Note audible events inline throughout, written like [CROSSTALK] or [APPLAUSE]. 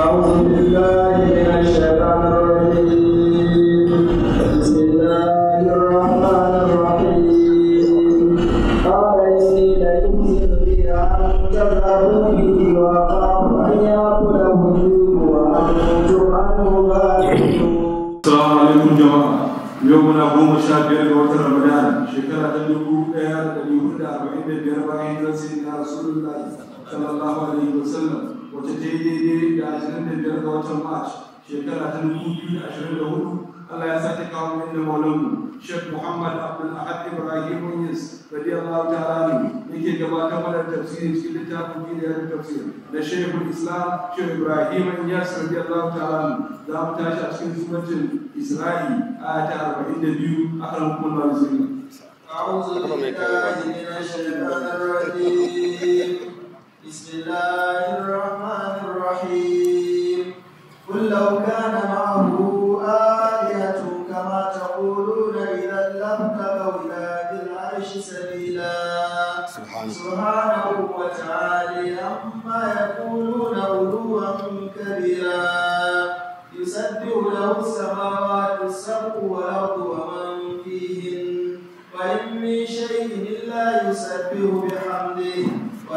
أعوذ بالله من الشيطان الرجيم بسم الله الرحمن الرحيم قال يزيد يمسك بها na shekara ta ɗaya da da sallallahu alaihi wasallam wacce ta yi daidai da ashirin da biyar ga watan march shekara ta dubu biyu da ashirin da hudu Allah ya sake kawo mu inda maulanmu Sheikh Muhammad Abdul Ahad Ibrahim Yunus radiyallahu ta'ala anhu yake gabatar mana tafsirin cikin littafin bidiyar tafsir da Sheikh Islam Sheikh Ibrahim Yunus radiyallahu ta'ala anhu za mu tashi a cikin suratul Isra'i aya ta 42 akan hukumar Musulmi أعوذ بالله من الشيطان الرجيم بسم الله الرحمن الرحيم قل لو كان معه آلهة كما تقولون إذا لابتغوا إلى ذي العرش سبيلا سبحانه وتعالى عما يقولون علوا كبيرا يسبح له السماوات السبع والأرض ومن فيهن وإن من شيء إلا يسبح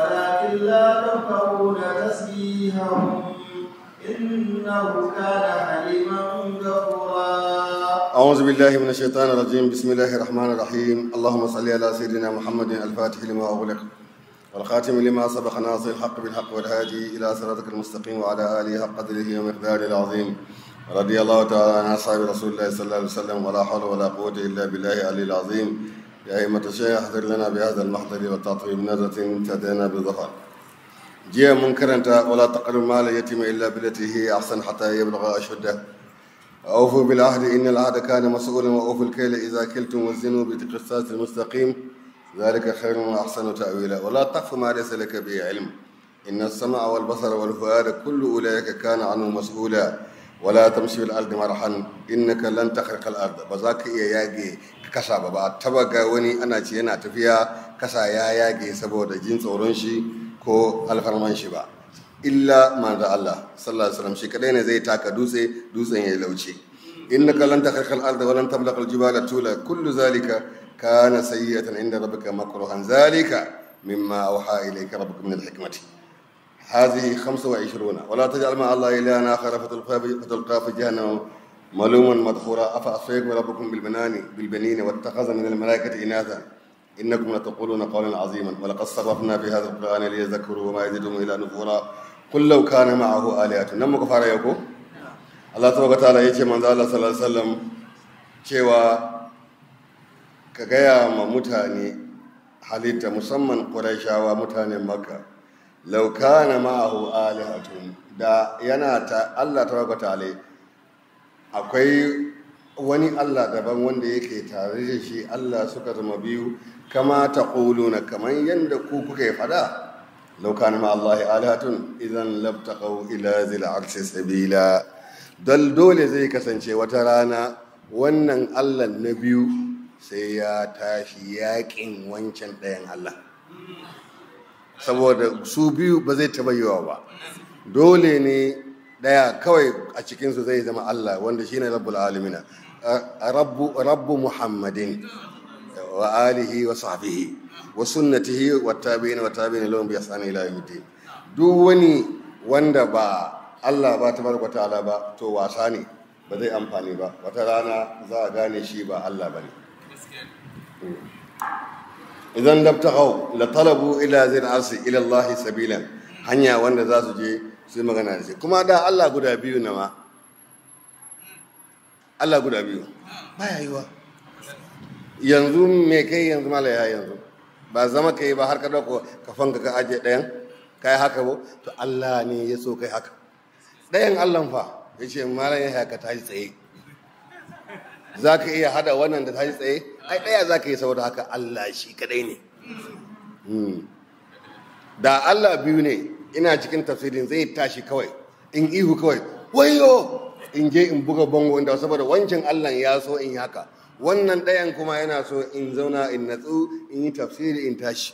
ولكن لا تفقهون تسبيحهم إنه كان حليما غفورا أعوذ بالله من الشيطان الرجيم بسم الله الرحمن الرحيم اللهم صل على سيدنا محمد الفاتح لما أغلق والخاتم لما سبق ناصر الحق بالحق والهادي إلى صراطك المستقيم وعلى آله حق قدره ومقداره العظيم رضي الله تعالى عن أصحاب رسول الله صلى الله عليه وسلم ولا حول ولا قوة إلا بالله العلي العظيم يا إما تشاي احضر لنا بهذا المحضر وتعطيب نادة تدينا بظهر جيا منكرا ولا تقل المال اليتيم إلا بالتي هي أحسن حتى يبلغ أشده أوفوا بالعهد إن العهد كان مسؤولا وأوفوا الكيل إذا كلتم وزنوا بالقسطاس المستقيم ذلك خير وأحسن تأويلا ولا تقف ما ليس لك به علم إن السمع والبصر والفؤاد كل أولئك كان عنه مسؤولا wala tamshi bil ardi marhan innaka lan takhriqa al ard ba za ka iya yage kasa ba ba taba ga wani ana ce yana tafiya kasa ya yage saboda jin tsoron shi ko alfarman shi ba illa manzo Allah sallallahu alaihi wasallam shi kadai ne zai taka dutse dutsen ya lauce innaka lan takhriqa al ard wa lan tamlaqa al jibala tula kullu zalika kana sayyatan inda rabbika makruhan zalika mimma awha ilayka rabbuka min al hikmati هذه خمسة وعشرون ولا تجعل مع الله إلهنا آخر فتلقى في جهنم ملوما مدحورا أفأصيكم ربكم بالبنان بالبنين واتخذ من الملائكة إناثا إنكم لتقولون قولا عظيما ولقد صرفنا في هذا القرآن ليذكروا وما يزيدهم إلا نفورا قل لو كان معه آلهة نم كفار يوكو الله تبارك وتعالى يتي من الله صلى الله عليه وسلم كيوا ka gaya ma mutane halitta musamman ƙurashawa mutanen laukana ma'ahu alihatun da yana ta Allah tabaraka ta'ala akwai wani Allah daban wanda yake tare da shi Allah suka zama biyu kama na kamar yadda ku kuka fada laukana ma'allahi alihatun idan labtaqau ila zil arshi sabila dal dole zai kasance wata rana wannan Allah na biyu sai ya tashi yakin wancan ɗayan Allah saboda su biyu ba zai taɓa yiwa ba dole ne ɗaya kawai a cikinsu zai zama Allah wanda shine rabbul alamina rabbu rabbu muhammadin wa alihi wa sahbihi wa sunnatihi wa tabi'in wa tabi'in lahum bi ihsani ila yawmiddin duk wani wanda ba Allah ba tabaraka ta'ala ba to wasa ne ba zai amfani ba wata rana za a gane shi ba Allah bane gaskiya hmm. idan labtaghaw la talabu ila zil arsi ila Allah sabilan hanya wanda za su je su magana da shi kuma da Allah guda biyu na ma Allah guda biyu baya wa. yanzu me kai yanzu malaya yanzu ba zama ka yi ba har ka dauko kafan ka aje ɗayan ka yi haka ba to Allah ne ya so kai haka ɗayan Allah fa ya ce malaya ya ka tashi tsaye za ka iya hada wannan da ta tsaye ai ɗaya za ka yi saboda haka Allah shi kadai ne hmm. da Allah biyu ne ina cikin tafsirin zai tashi kawai in ihu kawai wayo in je in buga bango inda saboda wancan Allah ya so in yi haka wannan ɗayan kuma yana so in zauna in natsu in yi tafsiri in tashi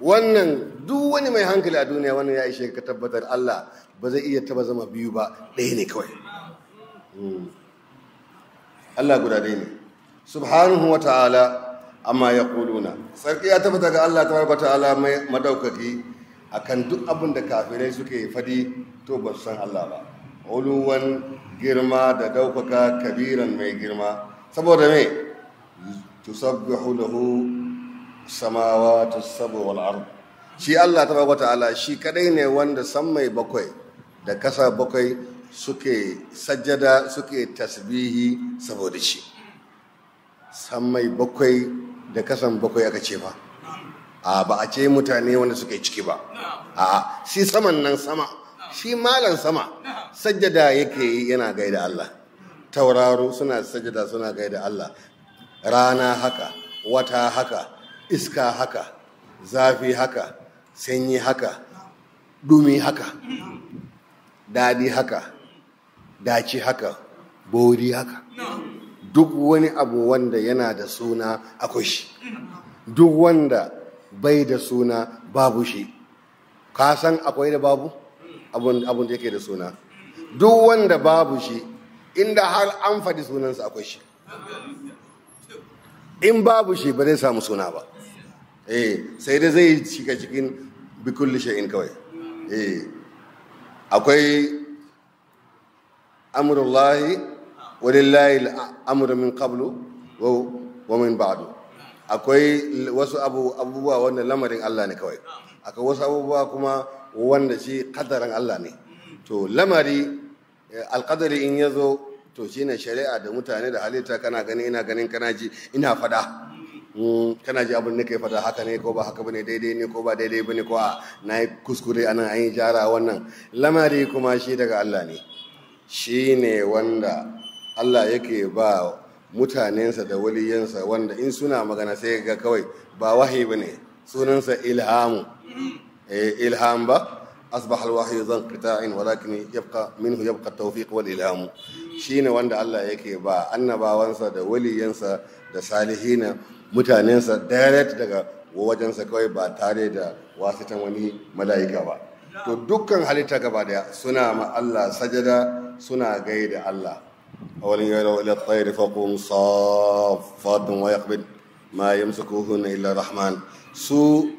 wannan duk wani mai hankali a duniya wannan ya ishe ka tabbatar Allah ba zai iya taba zama biyu ba ɗaya ne kawai hmm. Allah guda dai ne subhanahu wa ta'ala amma ya ƙuluna sarki ya tabbata ga Allah tabaraka ta'ala mai madaukaki a kan duk abin da kafirai suke fadi to ba su san Allah ba uluwan girma da daukaka kabiran mai girma saboda me sabbi hulahu samawa ta sabo ard shi Allah wa ta'ala shi kadai ne wanda san mai bakwai da kasa bakwai suke sajjada suke tasbihi saboda shi mai bakwai da kasan bakwai aka ce ba a ba a ce mutane wanda suke ciki ba a shi saman nan sama shi malan sama sajjada yake yi yana gaida Allah tauraro suna sajjada suna gaida Allah rana haka wata haka iska haka zafi haka sanyi haka dumi haka dadi haka daci haka bori haka duk wani abu wanda yana da suna akwai shi duk wanda bai da suna babu shi ka san akwai da babu abun da yake da suna duk wanda babu shi inda har an faɗi sunansa akwai shi in babu shi ba zai samu suna ba eh sai dai zai shiga cikin bikin lishe in kawai eh akwai amrullahi walillahi amru min qablu wa min ba'du akwai wasu abubuwa wanda lamarin Allah ne kawai akwai wasu abubuwa kuma wanda shi kadarin Allah ne to lamari eh, alkadari in ya zo to shi shari'a da mutane da halitta kana gani ina ganin kana ji ina fada mm, kana ji abin da kai fada haka ne ko ba haka bane daidai ne ko ba daidai bane ko a na yi kuskure anan an yi jara wannan lamari kuma shi daga Allah ne shi ne wanda Allah yake ba mutanensa da waliyansa wanda in suna magana sai ga kawai ba wahi ba ne sunansa ilhamu eh, ilham ba asbah alwahyu zan qita'in walakin yabqa minhu yabqa tawfiq wal ilhamu shine wanda Allah yake ba annabawansa da waliyansa da salihina mutanensa direct daga wajensa kawai ba tare da wasitan wani mala'ika ba to dukkan halitta gaba daya suna ma Allah sajada suna gaida Allah awalin yaro ila tsairi faƙon safadun wa yaƙbid ma yamsukuhunna illa rahman su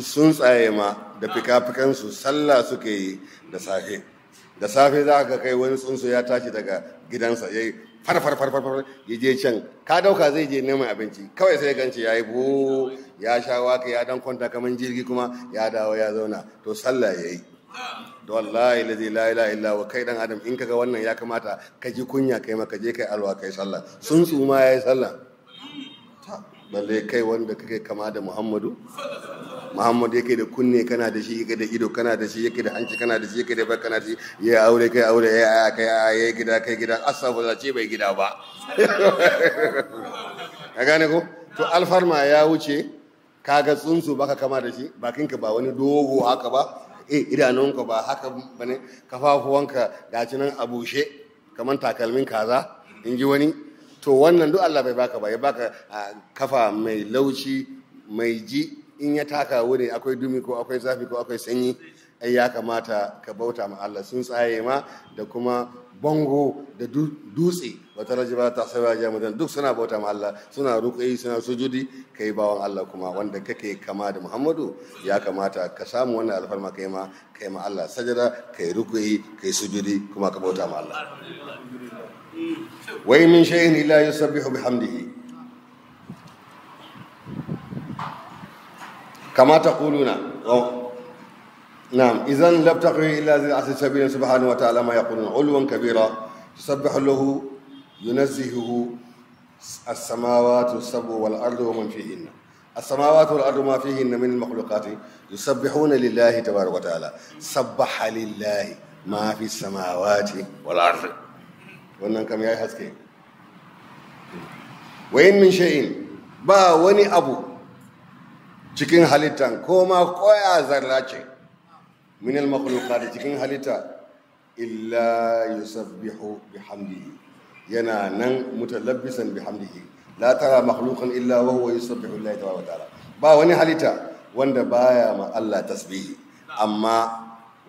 sun tsaye ma da fikafikansu sallah suke yi da safe da safe za ka kai wani sunsu ya tashi daga gidansa yayi far far ya je can ka dauka zai je neman abinci kawai sai ganci yi buhu ya sha waka ya dan kwanta kaman jirgi kuma ya dawo ya zauna to sallah yayi wallahi lazi la ilaha illa wa kai dan adam in kaga wannan ya kamata ka ji kunya kai maka je kai alwa kai sallah sun su ma yayi sallah balle kai wanda kake kama da Muhammadu muhammad yake da kunne kana da shi yake da ido kana da shi yake da hanci kana da shi yake da kana da ya aure kai aure ya aya kai aya ya gida kai gida asafa ce bai gida ba [LAUGHS] ka gane ko to alfarma ya wuce kaga tsuntsu baka kama da shi bakinka ba wani dogo haka ba eh idanunka ba haka bane kafafuwanka gaci nan a bushe kamar takalmin kaza in ji wani to wannan duk Allah bai baka ba ya baka ah, kafa mai lauci mai ji in ya taka wuri akwai dumi ko akwai zafi ko akwai sanyi ai ya kamata ka bauta ma Allah sun tsaye ma da kuma bango da dutse wata rajiba ta ya mutan duk suna bauta ma Allah suna ruƙayi suna sujudi kai bawan Allah kuma wanda kake kama da Muhammadu ya kamata ka samu wannan alfarma kai ma kai ma Allah sajada kai ruƙayi kai sujudi kuma ka bauta ma Allah wai min shay'in illa yusabbihu bihamdihi كما تقولون أو نعم إذا لا تقوي إلا ذي العرش سبيلا سبحانه وتعالى ما يقولون علوا كبيرا تسبح له ينزهه السماوات السبع والأرض ومن فيهن السماوات والأرض ما فيهن من المخلوقات يسبحون لله تبارك وتعالى سبح لله ما في السماوات والأرض wannan kam ya yi haske wa yin min sha'in ba wani abu cikin halittan ko ma koya zarra ce min al da cikin halitta illa yusabbihu bihamdihi yana nan mutalabbisan bihamdihi la tara makhluqan illa wa huwa yusabbihu lillahi tabaraka ta'ala ba wani halitta wanda baya ma Allah tasbihi amma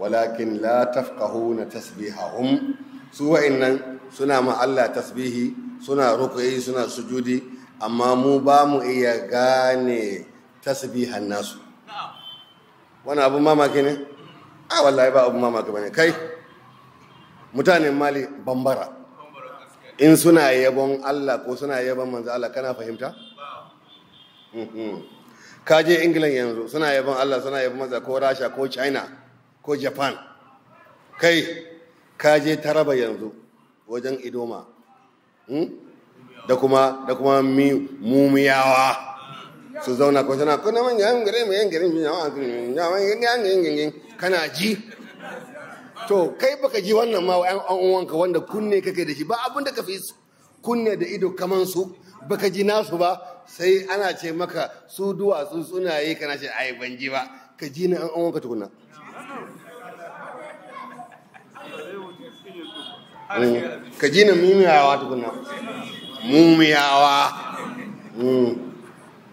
walakin la tafqahuna tasbihahum su wa'annan suna ma Allah tasbihi suna rukuyi suna sujudi amma mu ba mu iya gane tasbihan nasu wani abun mamaki ne a wallahi ba abun mamaki bane kai mutanen mali bambara in suna yabon Allah ko suna yabon manzo Allah kana fahimta mm-hmm. ka je England yanzu suna yabon Allah suna yabon manzo ko Rasha ko China ko Japan kai ka je Taraba yanzu wajen Idoma hmm? da kuma da kuma mumiyawa su zauna ko tana kuna man yan gare mai yan gare mu yawa yawa yan yan yan kana ji to kai baka ji wannan ma an uwanka wanda kunne kake da shi ba abin da ka fi kunne da ido kaman su baka ji nasu ba sai ana ce maka su duwatsu suna yi kana ce ai ban ji ba ka ji ni an uwanka tukuna ka ji na mumiyawa tukuna mumiyawa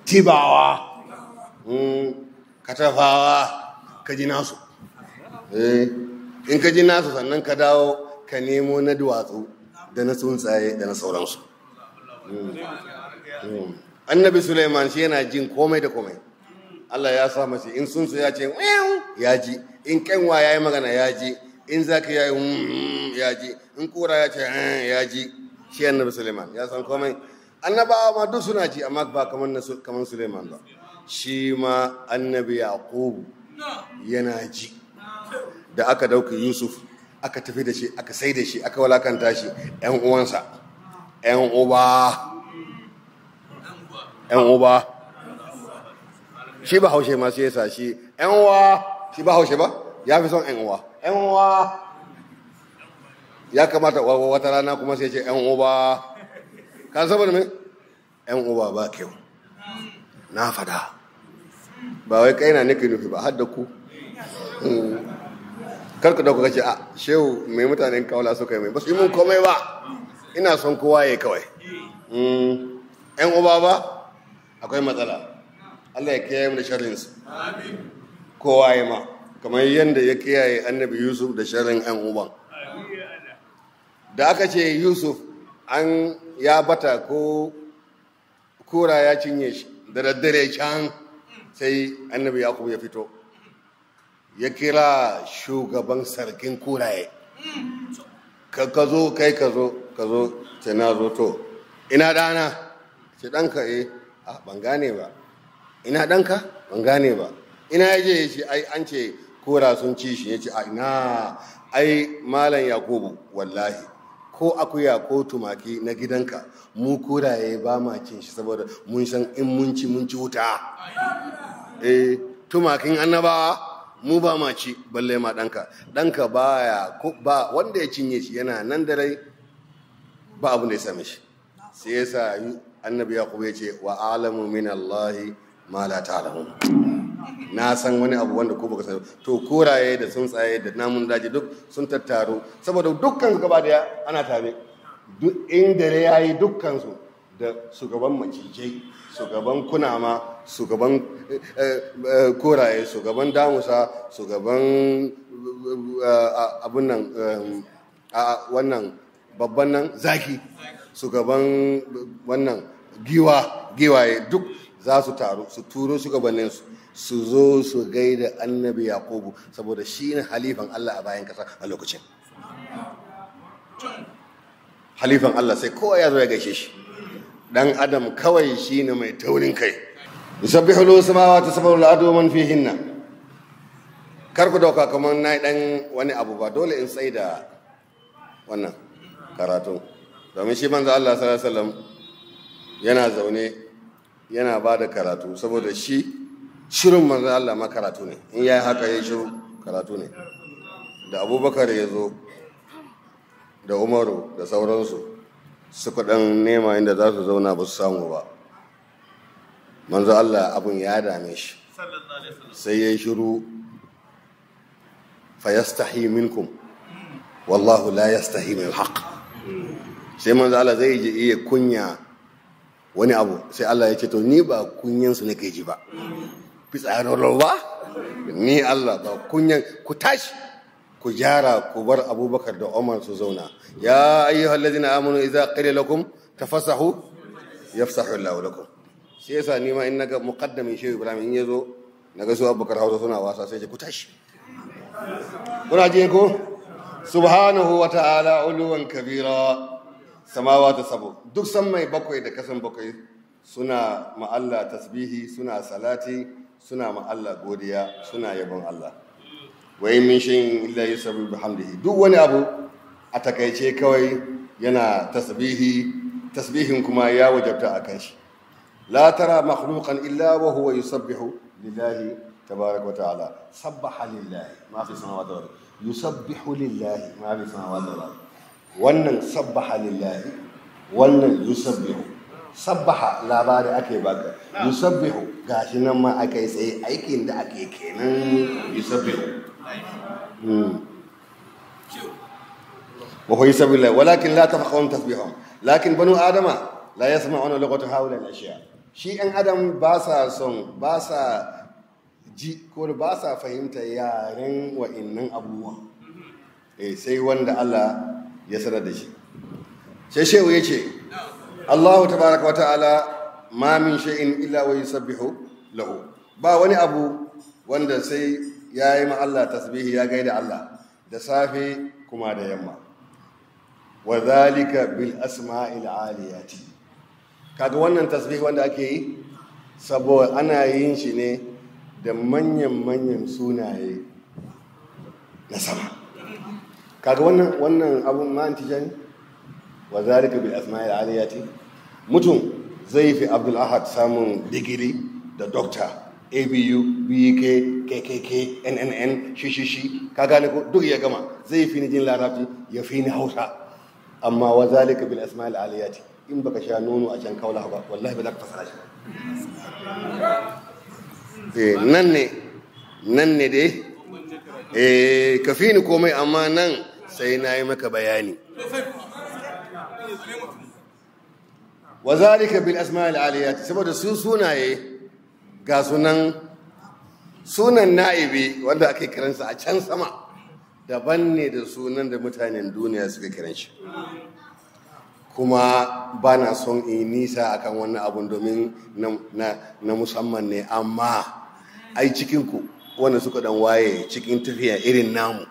tibawa hmm, katafawa ka ji nasu eh, in ka ji nasu sannan ka dawo ka nemo na duwatsu da na tsuntsaye da na sauransu hmm. Hmm. annabi suleiman shi yana jin komai da komai allah ya sa mace in sunsu ya ce ya ji in kanwa ya yi magana ya ji in zaki ya yi mm-hmm, ya ji in kura ya ce eh, ya ji shi annabi suleiman ya san komai annabawa ma duk suna ji amma ba kamar suleiman ba shi ma annabi yaqubu yana ji da aka dauki yusuf aka tafi da shi aka sai da shi aka walakanta shi yan uwansa yan uba yan uba shi ba haushe ma sai yasa shi yan uwa shi ba haushe ba ya fi son yan uwa yan uwa ya kamata wata rana kuma sai ce yan uba ka saboda mai yan uba ba kyau na fada ba wai kai na nake nufi ba har da ku hmm. kar ku dauka kace a ah, shehu mai mutanen kaula suka yi mai basu yi mun komai ba ina son kowa ya kawai hmm. yan uba ba akwai matsala Allah ya kiyaye mu da sharrin su kowa ya ma kamar yadda ya kiyaye annabi Yusuf da sharrin yan uban da aka ce Yusuf an ya bata ko kura ya cinye shi da daddare can sai annabi yakub ya fito ya kira shugaban sarkin kuraye ka zo kai ka zo ka zo ce na zo to ina ɗana ce ɗanka eh a ah, ban gane ba ina ɗanka ban gane ba ina ya je ya ce ai an ce kura sun ci shi ya ce a ina ai malam yakubu wallahi ko akuya ko tumaki na gidanka mu kuraye ba ma cin shi saboda mun san in mun ci mun ci wuta eh tumakin annaba mu ba ma ci balle ma danka danka baya ba wanda ya cinye shi yana nan da rai ba abu da ya same shi sai yasa annabi yaqub ya ce wa alamu minallahi allahi ma la ta'lamun na san wani abu wanda ko baka sani to koraye da tsuntsaye da namun daji duk sun tattaro saboda dukkan gaba daya ana tare duk inda ya yi dukkan su da shugaban macijai shugaban kunama shugaban eh, eh, koraye shugaban damusa shugaban eh, abun nan wannan babban nan zaki shugaban wannan giwa giwaye duk za su taru su turo shugabanninsu su zo su gaida annabi yaqubu saboda shi ne halifan Allah a bayan kasa a lokacin halifan Allah sai kowa ya zo ya gaishe shi dan adam kawai shi ne mai taurin kai yusabbihu lahu samawati sab'u al-adu man hinna kar ku dauka kamar na dan wani abu ba dole in sai da wannan karatu domin shi manzo Allah sallallahu alaihi wasallam yana zaune yana ba da karatu saboda shi shirin manzan Allah ma karatu ne in ya yi haka ya shiru karatu ne da abubakar ya zo da umaru da sauransu suka ɗan nema inda za su zauna ba su samu ba manzo Allah abun ya dame shi sai ya shiru fayastahi minkum wallahu la yastahi min haq sai manzo Allah zai ji iya kunya wani abu sai Allah ya ce to ni ba kunyansu nake ji ba fitsararwa ni Allah ba kunyan ku tashi ku gyara ku bar abubakar da umar su zauna ya ayyuhal na amunu iza kare lakum ya yafsahu Allahu lakum sai yasa ni ma in naga mukaddamin shehu ibrahim in yazo naga su abubakar hausa suna wasa sai ku tashi kuna je ko subhanahu wa ta'ala uluwan kabira samawa ta sabo duk san mai bakwai da kasan bakwai suna ma'alla tasbihi suna salati suna ma Allah godiya suna yabon Allah wai min shin illa yusabbihu bihamdihi duk wani abu a takaice kawai yana tasbihi tasbihin kuma ya wajabta akan shi la tara makhluqan illa wa huwa yusabbihu lillahi tabaaraka wa ta'ala sabbaha lillahi ma fi samawati wal yusabbihu lillahi ma fi samawati wal wannan sabbaha lillahi wannan yusabbihu sabbaha labari ake baka yusabbihu gashi nan ma aka yi tsaye aikin da ake kenan yusabbihu hmm. wa huwa yusabbihu walakin la tafqahun tasbihum lakin banu adama la yasma'una lughata haula al-ashiya shi ɗan adam ba sa son ba sa ji ko ba sa fahimta yaren wa'annan abubuwan eh, sai wanda Allah ya sanar da shi sai shehu ya ce Allahu tabaraka wa ta'ala ma min shay'in illa wa yusabbihu lahu ba wani abu wanda sai ya yi ma Allah tasbihi ya gaida Allah da safe kuma da yamma wa zalika bil asma'il aliyati kaga wannan tasbihi wanda ake yi saboda ana yin shi ne da manyan manyan sunaye na sama kaga wannan wannan abun ma antijani wa zalika bil asma'il aliyati mutum zai fi abdul ahad samun digiri da doctor abu bk e kkk nnn shishishi ka gane ko duk ya gama zai fi ni jin larabci ya fi ni hausa amma wa zalika bil asma'il aliyati in baka sha nono a can kaula ba wallahi ba za ka fasara shi eh, nan ne nan ne dai eh, ka fi ni komai amma nan sai na yi maka bayani wa zalika bil asma'il aliyat saboda su sunaye ga sunan sunan na'ibi wanda ake kiransa a can sama daban ne da sunan da mutanen duniya suka kiran shi kuma ba na son in nisa akan wannan abun domin na musamman ne amma ai cikinku wanda suka dan waye cikin tafiya irin namu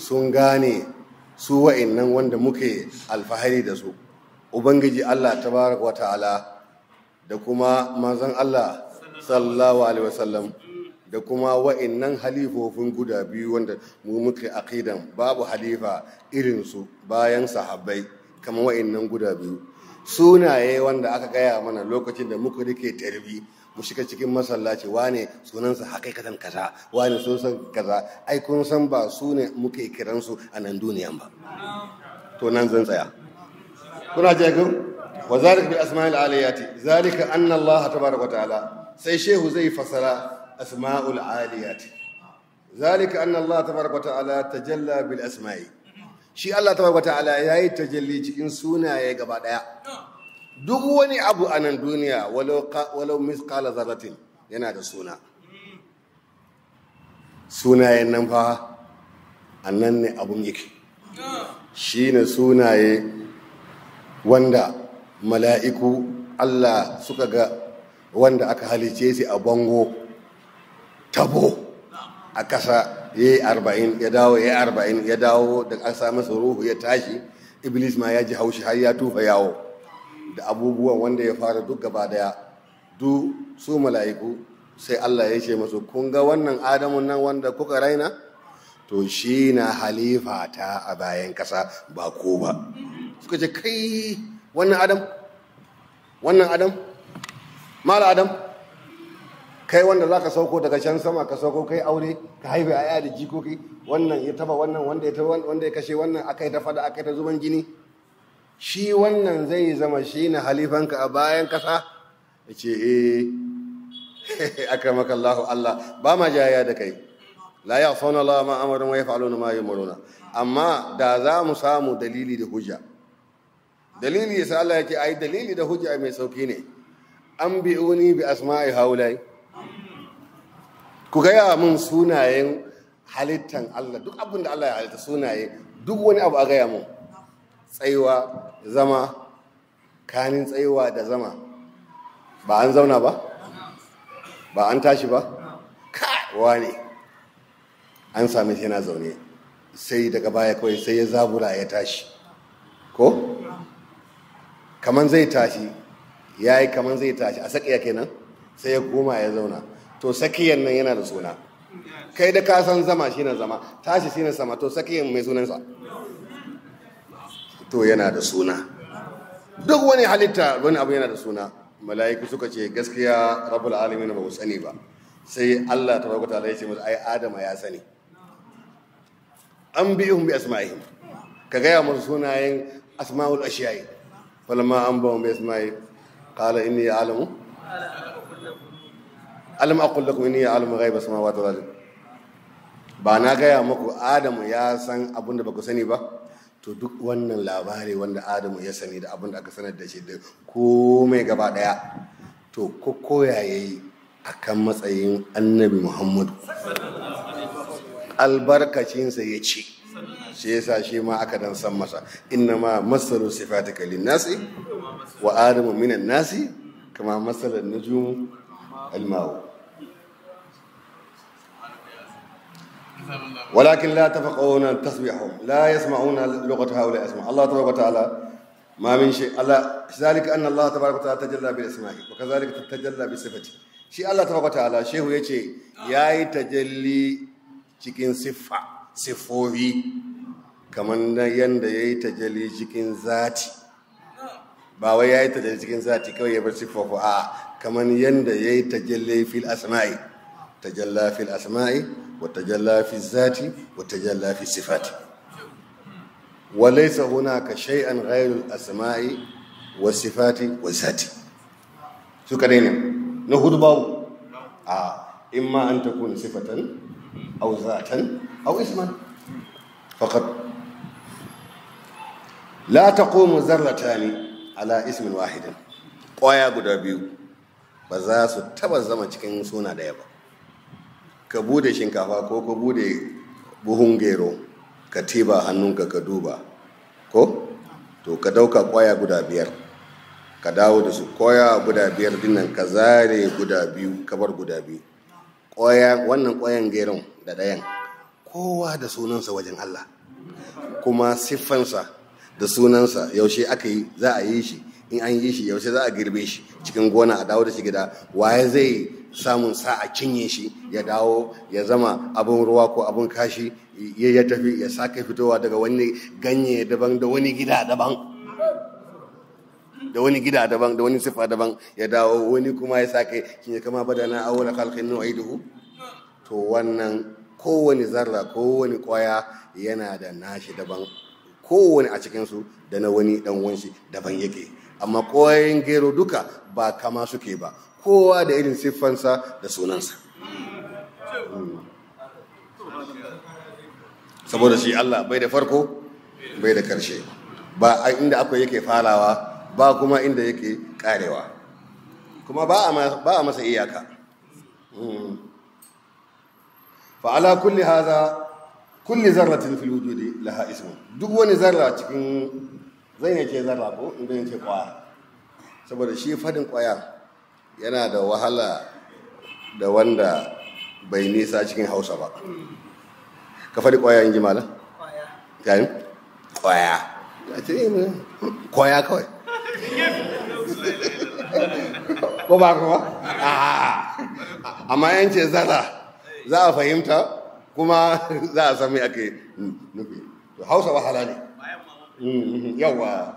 sun gane su wa'annan wanda muke alfahari da su ubangiji Allah Ta tabaraka wata'ala da kuma Mazan Allah sallallahu alaihi wasallam da kuma wa'annan halifofin guda biyu wanda mu muke akidan babu halifa irin su bayan sahabbai kamar wa'annan guda biyu sunaye wanda aka gaya mana lokacin da muka rike tarbi mu shiga cikin masallaci wane sunansa hakikatan kaza wane sunan kaza ai kun san ba su ne muke kiransu a nan duniyan ba to nan zan tsaya kuna je ku wa zalika bi asma'il aliyati zalika anna Allah tabaaraka ta'ala sai shehu zai fasara asma'ul aliyati zalika anna Allah tabaaraka ta'ala tajalla bil asma'i shi Allah ta ta'ala ya yi tajalli cikin sunaye gaba daya duk wani abu a nan duniya walau miskala zaratin yana da suna sunayen nan fa a nan ne abun yake Shi ne sunaye wanda mala'iku Allah suka ga wanda aka halice shi a bango tabo a ƙasa ya yi arba'in ya dawo ya yi arba'in ya dawo da an sa masa ruhu ya tashi iblis ma ya ji haushi har ya tufa yawo da abubuwan wanda ya fara duk gaba daya du su mala'iku sai Allah ya ce masu kun ga wannan Adamu nan wanda kuka raina to shi na halifa ta a bayan kasa ba ko ba suka ce kai wannan adam wannan adam mala adam kai wanda za ka sauko daga can sama ka sauko kai aure ka haife yaya da jikoki wannan ya taba wannan wanda ya taba wanda ya kashe wannan yi ta fada yi ta zuban jini shi wannan zai zama shi na halifanka a bayan kasa ya ce eh [LAUGHS] maka Allah Allah ba ma jaya da kai la ya fauna Allah ma amarin wa yaf'aluna ma maruna amma da za mu samu dalili da hujja dalili ya sa Allah ya yake ai dalili da hujja mai sauki ne an bi'uni bi asma'i haulai ku gaya mun sunayen halittan Allah duk abin da Allah ya halitta sunaye duk wani abu a gaya mun tsayuwa zama kanin tsayuwa da zama ba an zauna ba ba an tashi ba kawa ne an sami shi yana zaune sai daga baya kawai sai ya zabura ya tashi ko kaman zai tashi ya yi kaman zai tashi a sakiya kenan sai ya koma ya zauna to sakiyan nan yana da suna kai da ka san zama shi na zama tashi shi na sama to sakiyan mai sunansa to yana da suna duk wani halitta wani abu yana da suna mala'iku suka ce gaskiya rabbul alamin ba sani ba sai Allah ta rabu ta ya ce musu ai adama ya sani an bi ihum bi asma'ihim ka gaya musu sunayen asma'ul ashiyai falma an ba mu bi asma'i qala inni ya'lamu alam aqul lakum inni a'lamu ghaiba samawati wal ardi ba na gaya muku adamu ya san abin da baku sani ba to duk wannan labari wanda adamu ya sani da abin da aka sanar da shi da komai gaba daya to ko koya yayi akan matsayin annabi muhammadu albarkacinsa ya ce shi yasa shi ma aka dan san masa inna ma masaru sifatika lin nasi wa adamu minan nasi kama masalan nujumu الماء ولكن لا تفقهون التسبيح لا يسمعون لغة هؤلاء أسماء الله تبارك وتعالى ما من شيء الله ذلك أن الله تبارك وتعالى تجلى بالأسماء وكذلك تتجلى بصفته شيء الله تبارك وتعالى شيء يجي ياي تجلي cikin siffa siffofi kamar na yadda ya yi tajali cikin zati ba wai ya yi tajali cikin zati kawai ya bar siffofi a kamar yadda ya yi tajalle fil asma'i tajalla fil asma'i wa tajalla fi zati wa tajalla fi sifati wa laysa hunaka shay'an ghayru al asma'i wa sifati wa zati su kadai ne na hudu babu a imma an takuna sifatan aw zatan aw isman faqat la taqumu zarratani ala ismin wahidin ƙwaya guda biyu ba za su taba zama cikin suna ɗaya ba ka bude shinkafa ko ka bude buhun gero ka tiba hannunka ka duba ko to ka dauka kwaya guda biyar ka dawo da su kwaya guda biyar dinnan ka zare guda biyu ka bar guda biyu kwaya wannan kwayan geron da ɗayan, kowa da sunansa wajen Allah kuma siffansa da sunansa yaushe aka yi za a yi shi in an yi shi yaushe za a girbe shi cikin gona a dawo da shi gida waye zai samun sa a cinye shi ya dawo ya zama abin ruwa ko abin kashi ya tafi ya sake fitowa daga wani ganye daban da wani gida daban da wani gida daban da wani sifa daban ya dawo wani kuma ya sake kin kama badana awwala yi nu'iduhu to wannan kowane zarra kowane kwaya yana da nashi daban kowane a cikinsu da na wani dan wanshi daban yake amma koyayin gero duka ba kama suke ba kowa da irin siffansa da sunansa saboda shi Allah bai da farko bai da karshe ba inda akwai yake falawa, ba kuma inda yake karewa kuma ba a masa iyaka hmm. fa'ala kulli haza kulli zarratin fil wujudi laha ismun duk wani zarra cikin zan yake zarra ko in zan yake kwaya saboda shi fadin kwaya yana da wahala da wanda bai nisa cikin hausa ba ka fadi kwaya in ji mala yayin kwaya eh, kwaya kawai ko ba kuma amma yan ce zara za a fahimta kuma za a sami ake nufi hausa wahala ne Mm-hmm. yawa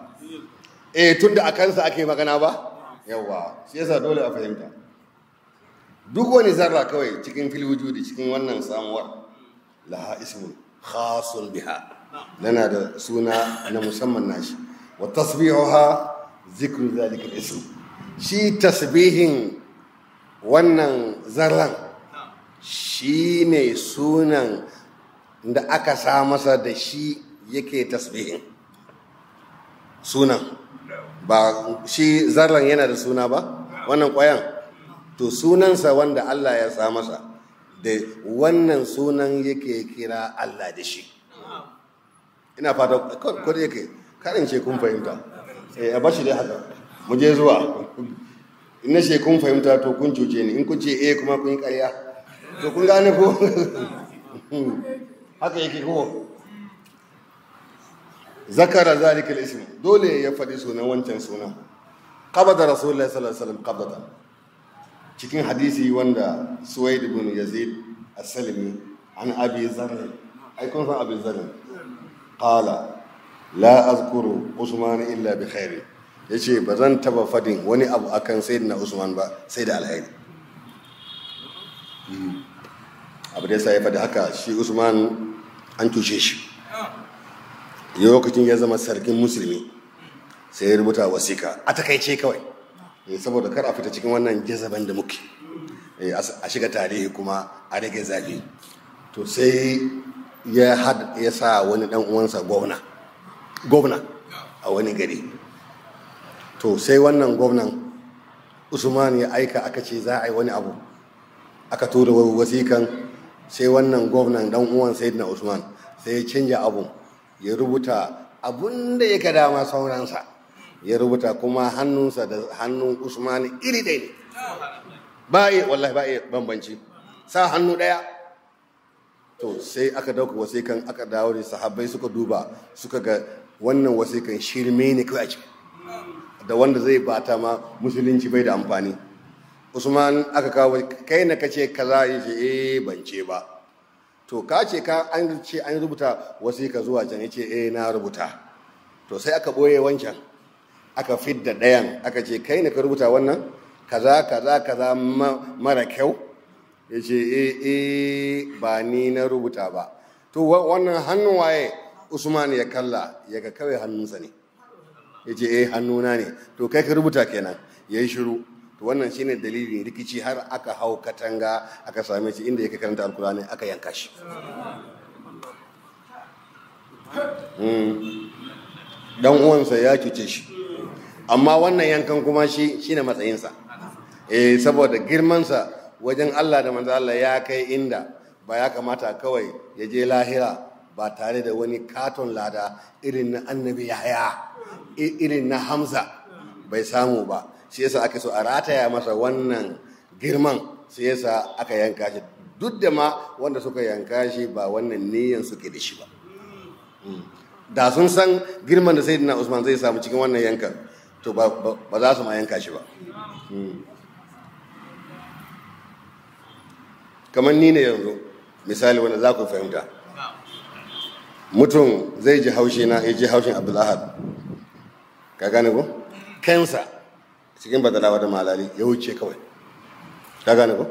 eh tunda a kansa ake magana ba yawa shi yasa dole a fahimta duk wani zarra kawai cikin fil wujudi cikin wannan samuwar laha ismun khasun biha lana da suna na musamman nashi wa tasbihuha zikru zalika ism shi tasbihin wannan zarran shi ne sunan da aka sa masa da shi yake tasbihin sunan ba shi zarran yana da suna ba wannan kwayan to sunansa wanda Allah ya sa masa da wannan sunan yake kira Allah da shi ina fata kwar yake karance kun fahimta eh, a bashi dai haka mu je zuwa ina ce kun fahimta to kun cuce ni in kun ce eh kuma kun yi karya to kun gane ko [LAUGHS] haka yake ko zakara zalika al-ism dole ya faɗi sunan wancan sunan qabada rasulullahi sallallahu alaihi wasallam qabada cikin hadisi wanda suwaid ibn yazid as-salimi an abi zarr ai kun san abi zarr qala la azkuru usman illa bi khairi yace ba zan taba fadin wani abu akan sayyidina usman ba sai da alheri hmm. abu da yasa ya faɗi haka shi usman an tushe shi lokacin ya zama sarkin musulmi sai ya rubuta wasiƙa a takaice kawai eh, saboda kar a fita cikin wannan jazaban da muke eh, a shiga tarihi kuma a rage zafi to sai ya ya sa wani dan uwansa gwamna gwamna a wani gari to sai wannan gwamnan usman ya aika aka ce za a yi wani abu aka tura wasikan sai wannan gwamnan dan uwan sayyidina usman sai ya canja abu ya rubuta abun da ya kada dama sauransa ya rubuta kuma hannunsa da hannun usman iri ɗaya ne ba wallahi ba bambanci sa hannu ɗaya to sai aka dauka wasikan aka dawo da sahabbai suka duba suka ga wannan wasikan shirme ne kawai a ciki da wanda zai bata ma musulunci bai da amfani usman aka kawo kai na kace kaza yace eh bance ba to ka ce ka an ce an rubuta ka zuwa can ce eh na rubuta to sai aka boye wancan aka fidda ɗayan aka ce kai ne ka rubuta wannan kaza kaza kaza mara kyau ce eh eh ba ni na rubuta ba to wannan hannun waye Usman ya kalla ya ga kawai hannunsa ne ce eh hannuna ne to kai ka rubuta kenan yayi shiru wannan shine dalilin rikici har aka hau katanga aka same shi inda yake karanta alkurani aka yanka shi hmm. dan uwansa ya cuce shi amma wannan yankan kuma shi shine matsayinsa eh saboda girmansa wajen Allah da manzo Allah ya kai inda ba ya kamata kawai ya je lahira ba tare da wani katon lada irin na annabi yahaya irin na hamza bai samu ba shi yasa aka so a rataya masa wannan girman shi yasa aka yanka shi duk da ma wanda suka yanka shi ba wannan niyan suke da shi ba hmm. da sun san girman da sayyidina Usman zai samu cikin wannan yankan to ba za su ma yanka shi ba hmm. kamar ni ne yanzu misali wanda za ku fahimta mutum zai ji haushi na ya ji haushin abdulahab ka gane ko kansa cikin badalawa da malali ya wuce kawai ta gane ba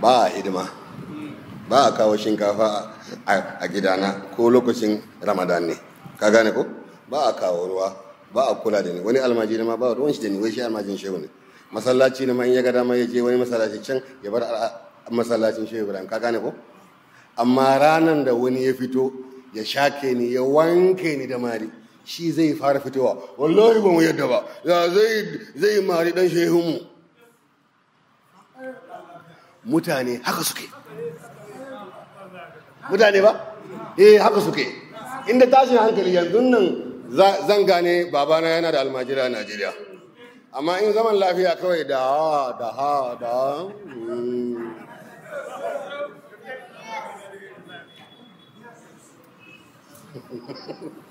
ba a hidima ba a kawo shinkafa a gidana ko lokacin ramadan ne ka gane ko ba a kawo ruwa ba a kula da ni wani ne ma ba ruwan shi da ni wai shi almajin shehu ne masallaci ne ma in ya ga dama ya je wani masallaci can ya bar masallacin shehu ibrahim ka gane ko amma ranan da wani ya fito ya shake ni ya wanke ni da mari shi zai fara fitowa wallahi ba mu yadda ba ya zai zai mari dan mu mutane haka suke mutane ba eh haka suke inda tashin hankali yanzu nan zan gane babana yana da almajira a Najeriya amma in zaman lafiya kawai da ha da ha da ha hmm. [LAUGHS]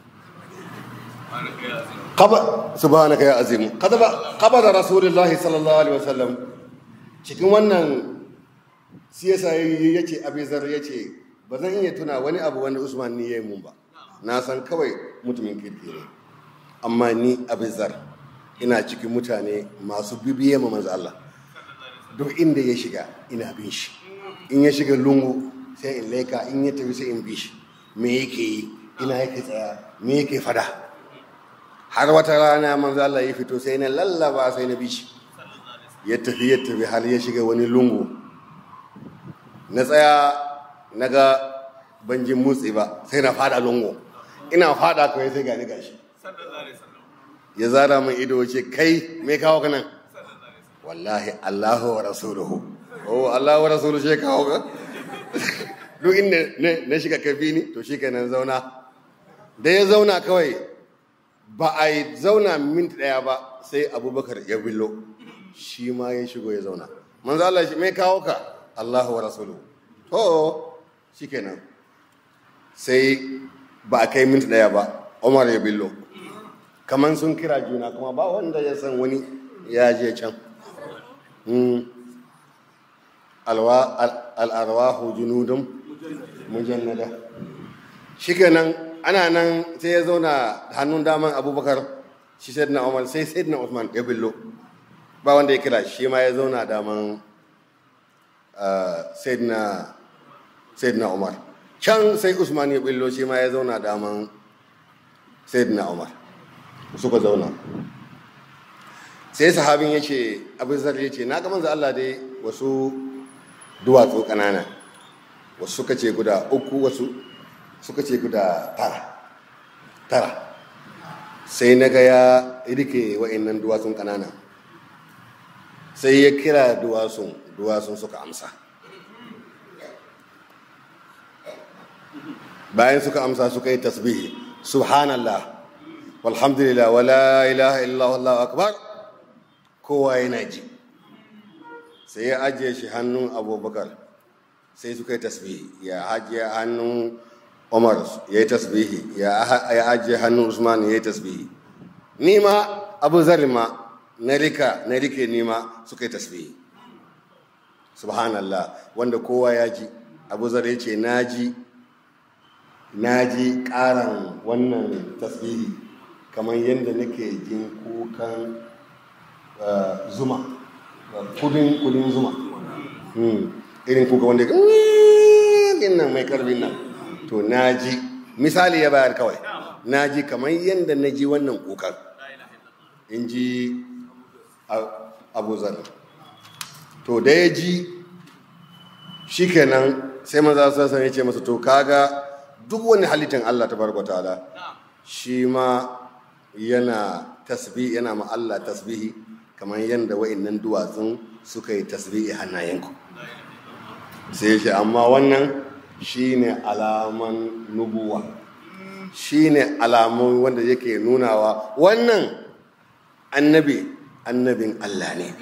subhanaka ya azim da rasulullahi sallallahu alaihi wasallam cikin wannan siyasa yace abizar ce ba zan iya tuna wani abu wanda usman ni yi mun ba na san kawai mutumin kirki ne amma ni abizar ina cikin mutane masu bibiye ma manzo Allah duk inda ya shiga ina bin shi in ya shiga lungu sai in laika in ya tafi sai in bi shi me yake yi ina yake tsaya me yake fada har wata rana manzo Allah ya fito sai na lallaba sai na bishi ya tafi ya tafi har ya shiga wani lungu na tsaya na ga banjin mutsi ba sai na fada lungu ina fada kawai sai gani gashi ya zara min ido ce kai me kawo ka nan wallahi Allahu wa rasuluhu oh Allahu wa rasuluhu shi kawo ka [LAUGHS] duk inda na shiga kafini ni to shi kenan zauna da ya zauna kawai ba a yi zauna minti ɗaya ba sai abubakar ya billo shi ma ya shigo ya zauna manzo Allah shi mai kawo ka Allahu wa rasuluhu to kenan sai ba a kai minti ɗaya ba Umar ya billo Kamar sun kira juna kuma ba wanda ya san wani ya je can hmm. al'arwa junudun mujannada shikenan ana nan sai ya zauna hannun daman abubakar shi sai na umar sai sai na usman ya billo ba wanda ya kira shi ma ya zauna daman ah, sai na umar can sai usman ya billo shi ma ya zauna daman sai na umar suka zauna sai sahabin ya ce abin zar ya ce na ga manzo Allah dai wasu duwatsu ƙanana wasu suka ce guda uku wasu suka ce guda tara tara sai na ga ya rike wa'annan duwatsun ƙanana sai ya kira duwatsun duwatsun suka amsa bayan suka amsa suka yi tasbihi subhanallah walhamdulillah wala ilaha illallah akbar kowa yana ji sai ya ajiye shi hannun abubakar sai suka yi tasbihi ya ajiye hannun Omar ya yi tasbihi ya ajiye hannun Usman ya yi tasbihi ni ma Abu zarima ma na rika na rike ni ma suka yi tasbihi subhanallah wanda kowa ya ji Abu Zar ya ce na ji na ji karan wannan tasbihi kamar yadda nake jin kukan eh, zuma kudin kudin zuma hmm, irin kuka wanda ya nan mai karbin nan to na ji misali ya bayar kawai na ji kamar yadda na ji wannan kukan in ji abu to da ya ji shi kenan sai maza sassan ya ce masa to kaga duk wani halittar allah ta farko ta'ala shi ma yana tasbihi yana ma allah tasbihi kamar yadda wa'annan duwatsun suka yi tasbihi hannayenku sai ya ce amma wannan shine alaman nubuwa shine alaman wanda yake nunawa wannan annabi annabin Allah ne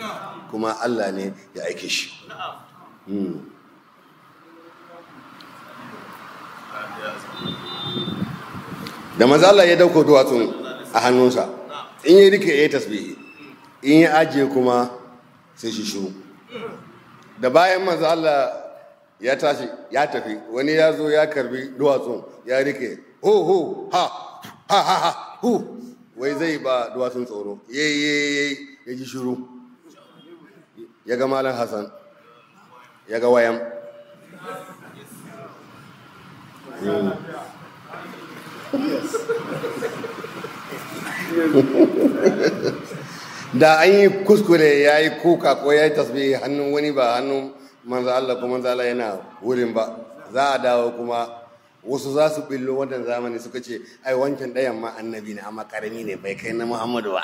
kuma Allah ne ya aike shi hmm. da maza ya dauko duwatsun a hannunsa in yi rike ya tasbihi in yi ajiye kuma sai shi shuru da bayan maza ya tashi ya tafi wani ya zo ya karbi duwatsun ya rike ho ho ha ha ha ha hu wai zai ba duwatsun tsoro ye ye ya ji shiru ya ga malam hassan ya ga wayan [LAUGHS] da an yi kuskure ya yi kuka ko ya yi tasbihi hannun wani ba hannun manzo Allah kuma manzo Allah yana wurin ba za a dawo kuma wasu za su billo wannan zamani suka ce ai wancan ɗayan ma annabi ne amma karami ne bai kai na Muhammadu ba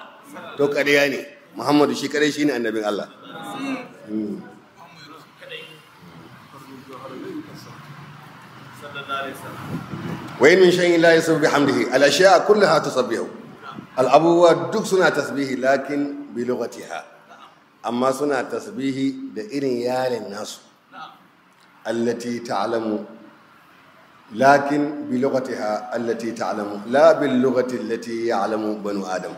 to ƙarya ne Muhammadu shi kare shi ne annabin Allah shan وإن من شيء لا يسبح بحمده tasbihu al abuwa duk suna سنة lakin bi lughatiha amma suna tasbihi da irin yaren nasu allati ta'lamu lakin bi lughatiha allati ta'lamu la bil lughati allati ya'lamu banu adam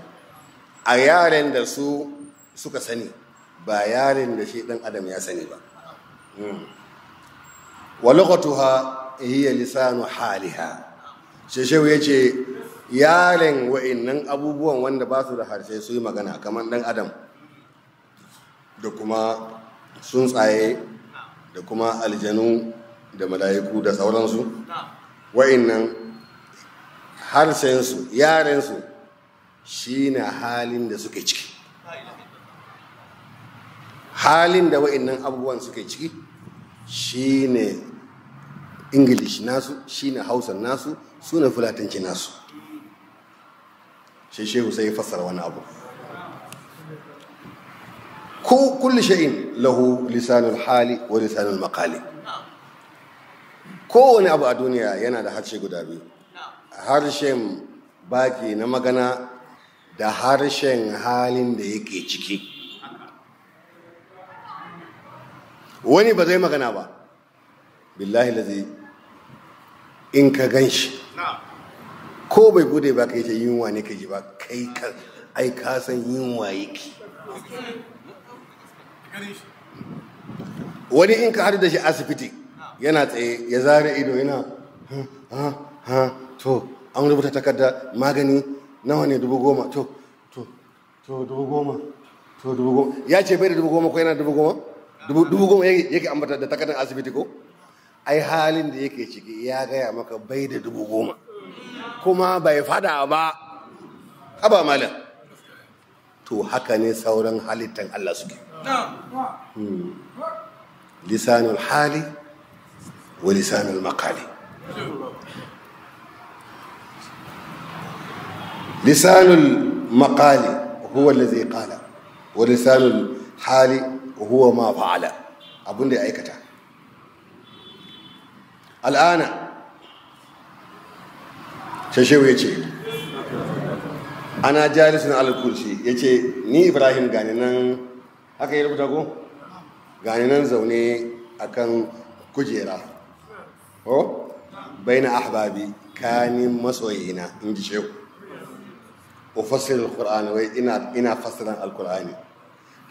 a yaren da su suka sani ba yaren da shi dan adam ya sani ba hmm. wa lughatuha hiya lisanu haliha sheshewu yace yaren wa'annan abubuwan wanda ba su da harshe su yi magana kamar dan adam da kuma tsuntsaye da kuma aljanu da mala'iku da sauransu wa'innan harshensu yarensu shi na halin da suke ciki halin da wa'innan abubuwan suke ciki shi ne ingilish nasu shi ne Hausar nasu su ne fulatanci nasu shi shehu sai fassara wani abu ko kulli shay'in lahu lisanul hali wa lisanul maqali kowane abu a duniya yana da harshe guda biyu harshen baki na magana da harshen halin da yake ciki wani ba zai magana ba billahi zai in ka gan shi ko bai buɗe ba ka yi ta yunwa ne ka ji ba kai ka ai ka san yunwa yake wani in ka hadu da shi asibiti yana tsaye ya zare ido yana ha ha to an rubuta takarda magani nawa ne dubu goma to to to dubu goma to dubu goma ya ce bai da dubu goma ko yana dubu goma dubu goma yake ambata da takardar asibiti ko ai halin da yake ciki ya gaya maka bai da dubu goma kuma bai fada ba haba malam to haka ne sauran halittan Allah suke لسان الحال ولسان المقال لسان المقال هو الذي قال ولسان الحال هو ما فعل abin da ya aikata al'ana shashewa ya ce ana jalisun alkulshi ya ce ni ibrahim gani nan haka yi rubuta ko gani nan zaune a kan kujera ko baina ahbabi kanin masoyina in ji shehu ufassir alqur'ani wai ina ina fassiran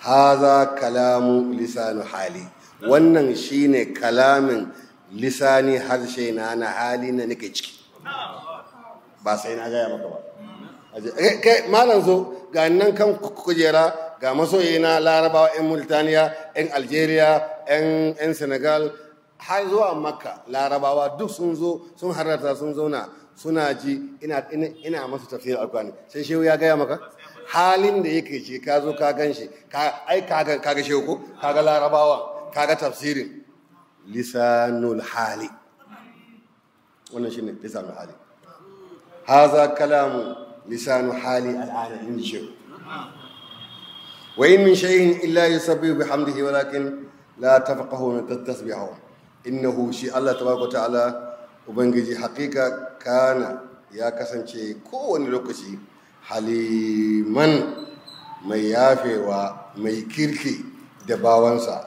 Ha haza kalamu lisanu hali wannan shine kalamin lisani harshe na na hali na nake ciki ba sai na gaya maka ba eh, malam zo ga nan kan kujera ga masoyina larabawa 'yan Mauritaniya, 'yan algeria 'yan senegal har zuwa makka larabawa duk sun zo sun harata sun zauna suna ji ina masu tafiyar alkwani sai shehu ya gaya maka halin da yake ce ka zo ka gan shi ai kaga shehu ko kaga larabawa kaga tafsirin lisanul hali wannan shine lisanul hali haza kalamu lisanu hali al'ana in shehu وإن من شيء إلا يسبح بحمده ولكن لا تفقهون تسبحه إنه شيء الله تبارك وتعالى وبنجي حقيقة كان يا كسنشي كون لوكشي حليما mai yafewa mai kirki da bawansa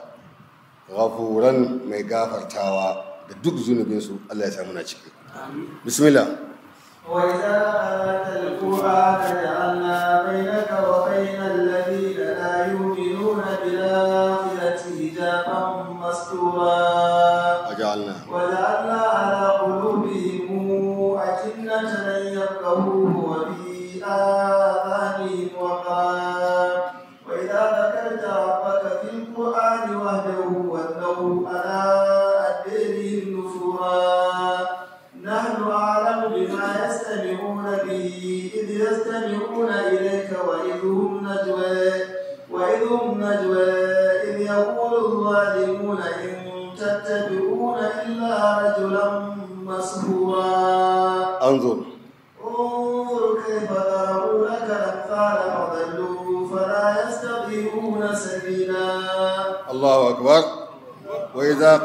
ghafuran mai gafartawa da duk zunubinsu Allah ya samu na وإذا آت القرآن جعلنا بينك وبين الذين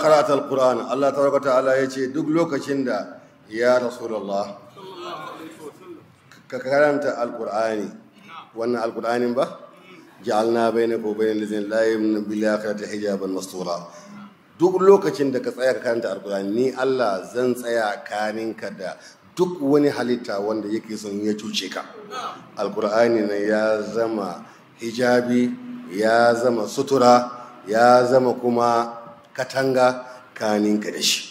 qara'ta alquran Allah tabaraka ta'ala ce, duk lokacin da ya rasulullah ka karanta alqurani wannan alqur'anin ba duk lokacin da ka tsaya ka karanta alqur'ani ni Allah zan tsaya ka da duk wani halitta wanda yake son ya cuce ka alkur'ani na ya zama hijabi ya zama sutura ya zama kuma katanga kaninka da shi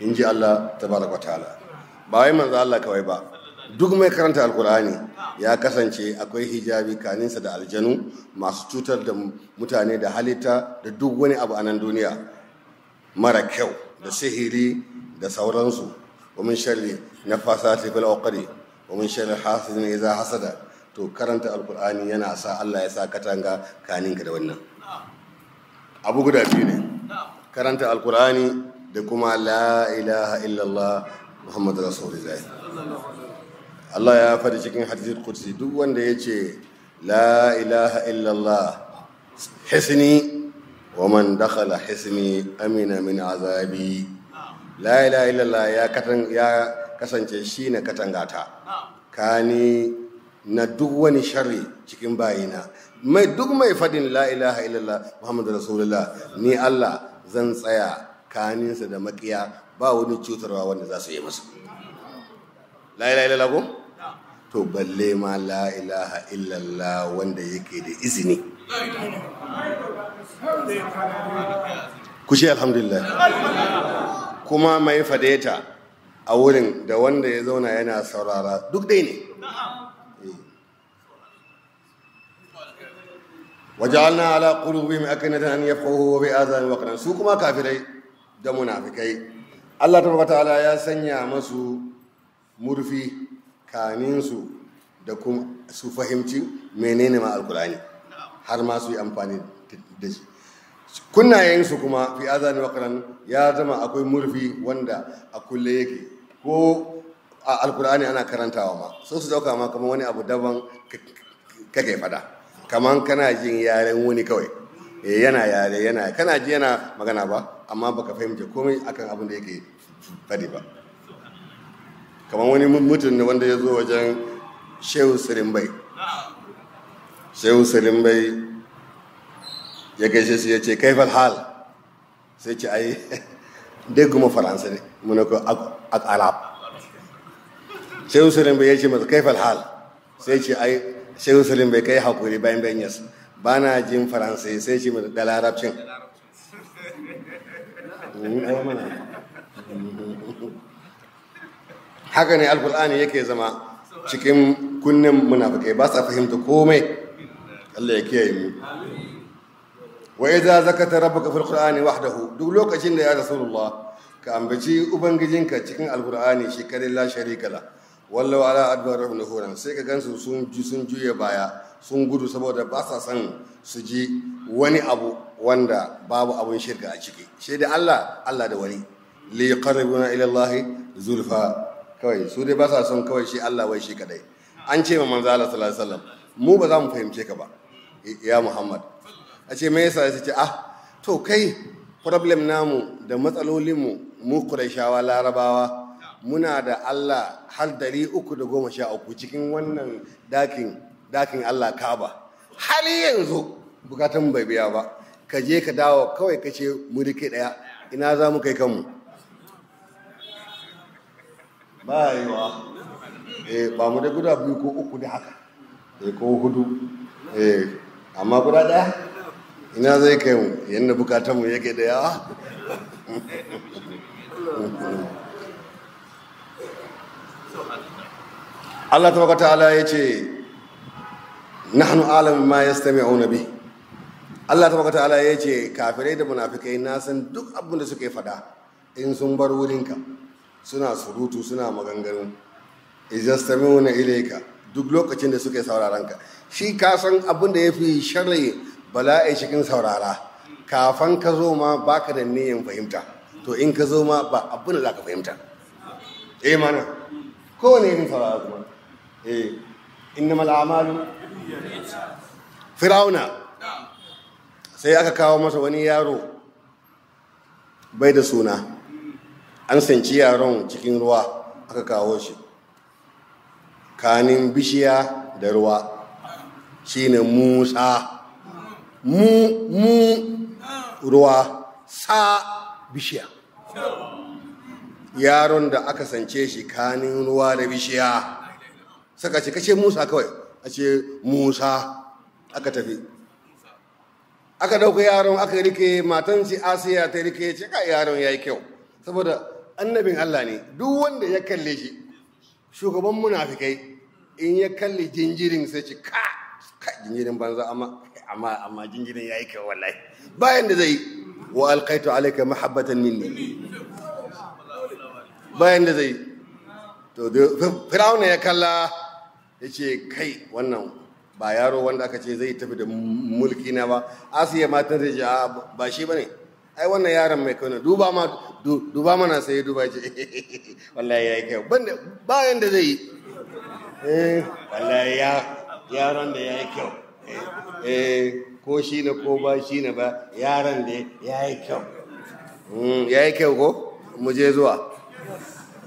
in ji Allah tabaraka ta'ala ba wai manzo Allah kawai ba duk mai karanta alkur'ani ya kasance akwai hijabi kaninsa da aljanu masu cutar da mutane da halitta da duk wani abu a nan duniya mara kyau da sihiri da sauransu wa min sharri nafasati fil uqdi wa min sharri hasidin idza hasada to karanta alkur'ani yana sa Allah ya sa katanga kaninka da wannan abu guda biyu ne karanta alkur'ani da kuma la ilaha illallah muhammad rasulullahi Allah ya faɗi cikin hadisi-kursi duk wanda ya ce la ilaha illallah hisni wa man dakhala hisni amina min azabi la ilaha illallah ya katan ya kasance shine katangata kani na duk wani sharri cikin bayina mai duk mai fadin la ilaha illallah muhammadu rasulullah ni allah zan tsaya kaninsa da makiya ba wani cutarwa wanda za su yi masa la ilaha illallah ko to balle ma la ilaha illallah wanda yake da izini Kushe alhamdulillah kuma mai fadeta a wurin da wanda ya zauna yana saurara duk dai ne wajalna ala qulubihim akinatan an yafqahu wa bi azan waqran su kuma kafirai da munafikai Allah tabaraka ta'ala ya sanya masu murfi kaninsu da kuma su fahimci menene ma alkurani har ma su yi amfani da shi su kuma fi azani wakaran ya zama akwai murfi wanda a kulle yake ko a alkurani ana karantawa ma so su dauka ma kamar wani abu daban kake fada kamar kana jin yaren wuni kawai eh, yana yare yana kana ji yana magana ba amma baka fahimta komai akan abin da yake fadi ba kamar wani mutum ne wanda ya zo wajen shehu sirimbai shehu sirimbai ya gaishe shi ya ce kaifal hal sai ce ai [LAUGHS] dai kuma faransa ne muna ko akarab arab shehu sirimbai ya ce masa kaifal hal sai ce ai shehu salim bai kai hakuri bayan bayan yas ba na jin faransai sai shi da larabcin haka ne alkur'ani yake zama cikin kunnen munafukai ba sa fahimta komai Allah ya kiyaye mu wa idza zakata rabbuka fil qur'ani wahdahu duk lokacin da ya rasulullah ka ambaci ubangijinka cikin alkur'ani shi kadai la sharika la wallawa ala adbarahum nufuran sai ka gansu sun ji sun juya baya sun gudu saboda ba sa son su ji wani abu wanda babu abun shirka a ciki shi da Allah Allah da wani li yuqarribuna ila Allah zulfa kawai su dai ba sa son kawai shi Allah wai shi kadai an ce ma manzo Allah sallallahu mu ba za mu fahimce ka ba ya Muhammad a ce me yasa sai ce ah to kai problem namu da matsalolinmu mu Qurayshawa Larabawa muna da Allah har dari uku da goma sha uku cikin wannan dakin dakin Allah Kaba har yanzu bukatun bai biya ba ka je ka dawo kawai ka ce mu rike daya ina za mu kai kanmu ba yiwa eh ba mu da guda biyu ko uku da haka eh ko hudu eh amma guda daya ina zai kai mu yanda bukatanmu mu yake da yawa [LAUGHS] Allah tabaraka ta'ala ya ce nahnu alam ma yastami'una bi Allah tabaraka ta'ala ya ce kafirai da munafikai na san duk abin da suke fada in sun bar wurinka suna surutu suna maganganu izastami'una ilayka duk lokacin da suke sauraron ka shi ka san abin da yafi sharri bala'i cikin saurara kafan ka zo ma baka da niyyar fahimta to in ka zo ma ba abin da zaka fahimta eh mana kowane irin saurara kuma eh innamal fir'auna sai aka kawo masa wani yaro bai da suna an sanci yaron cikin ruwa aka kawo shi kanin bishiya da ruwa shine musa mu mu ruwa sa bishiya yaron da aka sance shi kanin ruwa da bishiya saka ce kashe musa kawai a ce musa aka tafi aka dauka yaron aka rike matan ce asiya ta rike ce ka yaron ya yi kyau saboda annabin allah ne duk wanda ya kalle shi shugaban munafikai in ya kalle jinjirin sai ce ka ka jinjirin banza amma amma amma jinjirin yayi kyau wallahi bayan da zai wa alqaitu alayka mahabbatan minni bayan da zai to firawuna ya kalla ya ce kai wannan ba yaro wanda aka ce zai tafi da mulki na ba asiya matan zai ce ba shi ba ne ai wannan yaron mai kauna duba ma duba mana sai ya duba ce [LAUGHS] wallahi ya yi kyau ba yanda zai yi eh wallahi ya yaron da ya yi kyau eh, eh, ko shi na ko ba shi na ba yaron da ya yi kyau hmm, ya yi kyau ko mu je zuwa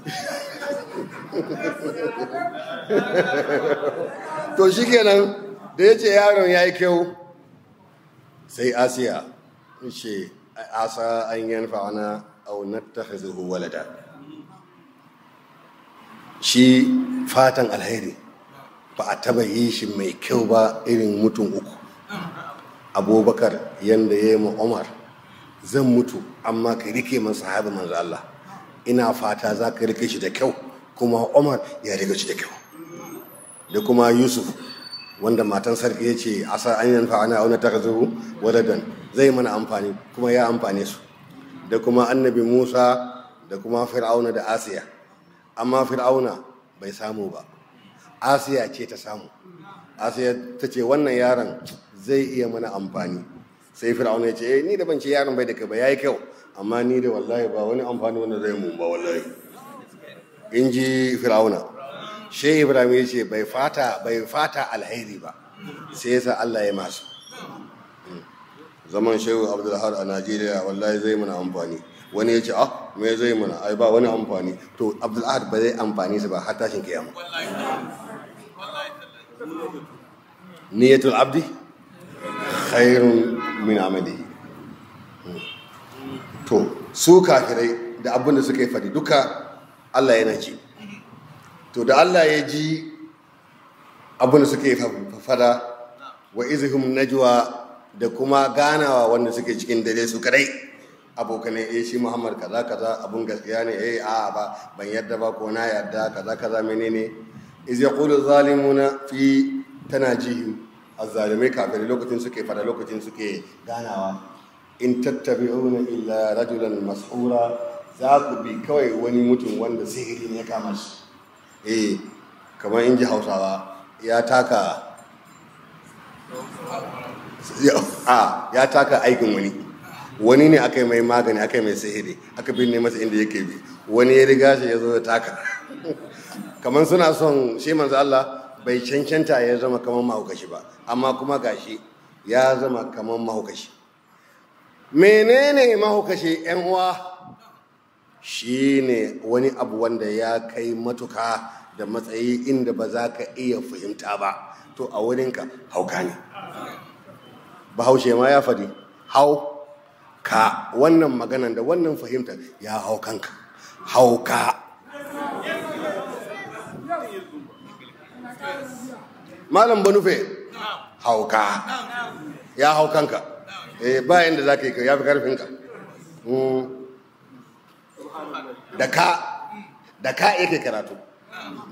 [LAUGHS] to shi kenan da ya ce yaron ya yi kyau sai asiya ce asa an yanfa wani aunar ta hazuhu walada shi fatan alheri ba a taba yi shi mai kyau ba irin mutum uku abubakar yadda ya yi ma umar zan mutu amma ka rike man sahaba manzo Allah ina fata za ka rike shi da kyau kuma Umar ya rike shi da kyau da kuma Yusuf wanda matan sarki ya ce asa an yanfa ana auna ta waladan zai mana amfani kuma ya amfane su da kuma annabi Musa da kuma Fir'auna da Asiya amma Fir'auna bai samu ba Asiya ce ta samu Asiya ta ce wannan yaron zai iya mana amfani sai Fir'auna ya ce eh, ni da ban ce yaron bai da kai ba yi kyau amma ni da wallahi ba wani amfani wanda zai mun ba wallahi in ji fir'auna shi ibrahim ya ce bai fata bai fata alheri ba sai yasa allah ya masu hmm. zaman shehu abdulhar a najeriya wallahi zai mana amfani wani ya ce ah me zai mana ai ba wani amfani to abdulhar ba zai amfani su ba har tashin kiyama niyatul abdi khairun min amali to su kafirai da abin da suka yi fadi duka Allah yana ji to da Allah ya ji abin da suka yi fada wa izihim najwa da kuma ganawa wanda suke cikin dare su kadai abokan eh shi Muhammad kaza kaza abun gaskiya ne eh a ba ban yadda ba ko na yadda kaza kaza menene iz yaqulu zalimuna fi tanajihim azzalimai kafirai lokacin suke fada lokacin suke ganawa in tattabi'una illa rajulan mas'ura za ku bi kawai wani mutum wanda sihiri ne kama shi eh kamar in ji hausawa ya taka ya taka aikin wani wani ne aka yi mai magani aka yi mai sihiri aka binne masa inda yake bi wani ya riga shi ya zo ya taka kamar suna son shi manzo Allah bai cancanta ya zama kamar mahaukashi ba amma kuma gashi ya zama kamar mahaukashi menene mahaukaci yan uwa shine wani abu wanda ya kai matuka da matsayi inda ba za ka iya fahimta ba to a wurinka hauka ne bahaushe ma ya faɗi hau ka wannan maganan da wannan fahimta ya hau kanka hauka malam banufe hauka ya hau kanka eh ba inda za ka yi ya fi karfinka hmm. da ka da ka ya kai karatu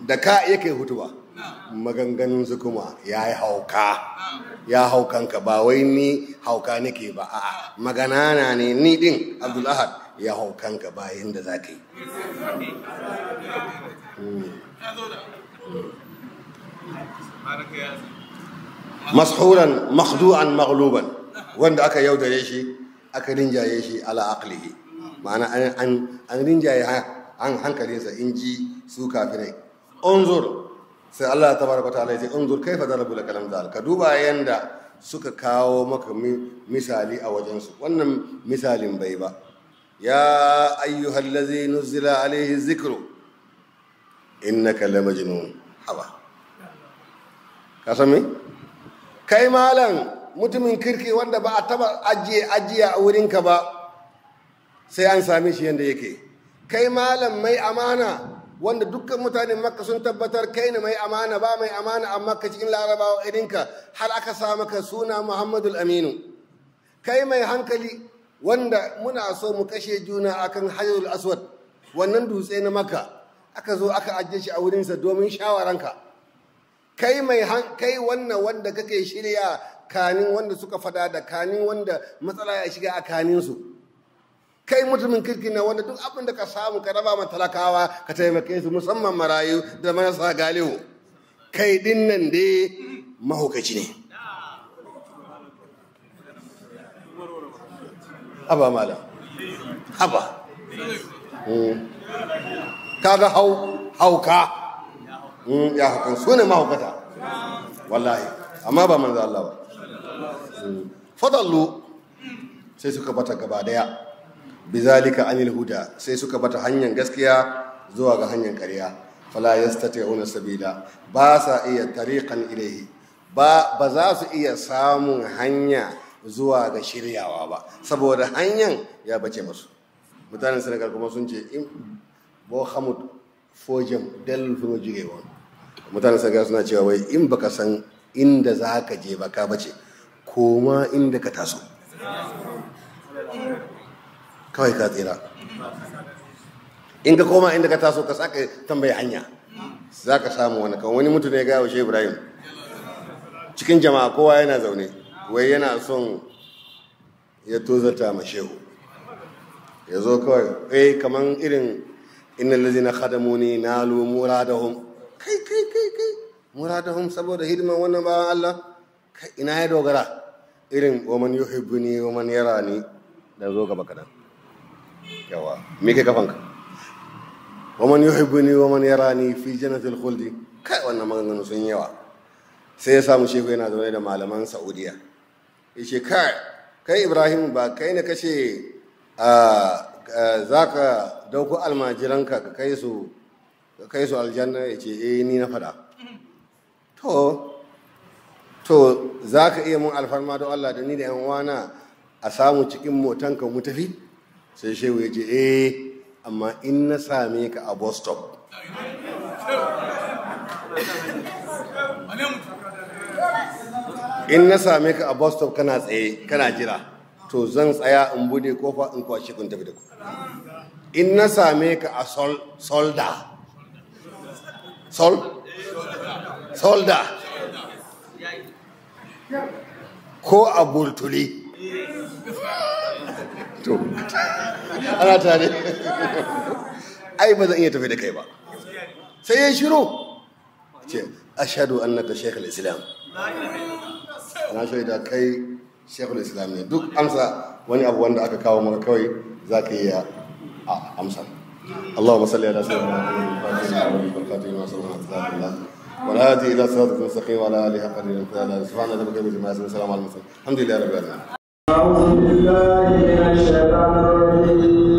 da ka iya kai ba. maganganun su kuma ya yi hauka ya haukan ka ba wai ni hauka nake ba a magana na ne ni din ahad ya ka ba da za ka yi hmm. Hmm. mashuran makhdu'an maghluban wanda aka yaudare shi aka rinjaye shi ala aqlihi ma'ana an rinjaye an hankalinsa in ji su kafirai unzur sai Allah ta baraka ta alaihi unzur kaifa darabu lakal amsal ka duba yanda suka kawo maka misali a su. wannan misalin bai ba ya ayyuhallazi nuzila alaihi zikru innaka lamajnun hawa? ka san kai malam mutumin kirki wanda ba a taba ajiye ajiya a wurinka ba sai an sami shi yadda yake kai malam mai amana wanda dukkan mutanen makka sun tabbatar kai ne mai amana ba mai amana amma ka cikin larabawa irinka har aka sa ka suna Muhammadu aminu kai mai hankali wanda muna so mu kashe juna akan hajjul aswad wannan dutse na makka aka zo aka ajiye shi a wurinsa domin shawaranka kai mai kai wannan wanda kake shirya kanin wanda suka fada da kanin wanda matsala ya shiga a kaninsu kai mutumin kirki na wanda duk abin da ka samu ka raba ma talakawa ka taimake su musamman marayu da marasa galihu kai din nan dai mahaukaci ne haba mala haba hmm. kaga hau hauka hmm, ya haukan su ne mahaukata wallahi amma ba manzo Allah ba fadallu sai suka bata gaba daya bizalika anil huda sai suka bata hanyar gaskiya zuwa ga hanyar ƙarya fala yastati'una sabila ba sa iya tariqan ilaihi ba ba za su iya samun hanya zuwa ga shiryawa ba saboda hanyar ya bace musu mutanen senegal kuma sun ce in bo hamud fojin dalil funo jirewa mutanen senegal suna cewa wai in baka san inda za ka je ba ka bace koma inda ka taso kawai ka tsira in ka koma inda ka taso ka saka tambaya hanya za ka samu wani kawai wani mutum ya gawo shi ibrahim cikin jama'a kowa yana zaune wai yana son ya tozata ma shehu ya zo kawai eh kamar irin inna na khadamuni da hun kai kai kai kai muradahum saboda hidiman wannan bawan Allah ina ya dogara irin ni woman yara ni da zo gaba kadan yawa me kai kafanka ni woman yara ni fi jannatil khuldi kai wannan maganganu sun yawa sai ya samu shehu yana zaune da malaman saudiya ya ce kai kai ibrahim ba kai ne kace za ka dauko almajiranka ka kai su aljanna ya ce eh ni na faɗa to so za ka iya mun alfarma don Allah da ni da 'yan wana a samu cikin motanka mu tafi sai shehu ya ce eh amma in na same ka a bus stop in na same ka a bus stop kana tsaye kana jira to zan tsaya in bude kofa in kwashe kun tafi da ku in na same ka a solda solda solda ko a bultuli [LAUGHS] to ana tare ai ba zan iya tafi da kai ba sai ya shiru ce ashadu annaka shekul islam na shaida kai shekul islam ne duk amsa wani abu wanda aka kawo maka kawai za ka iya amsa اللهم صل على سيدنا محمد وعلى اله وصحبه وسلم والهادي الى صراط المستقيم وعلى اله حق قدر سبحان الله وبحمده ما يسمى السلام على المرسلين الحمد لله رب العالمين اعوذ بالله من الشيطان الرجيم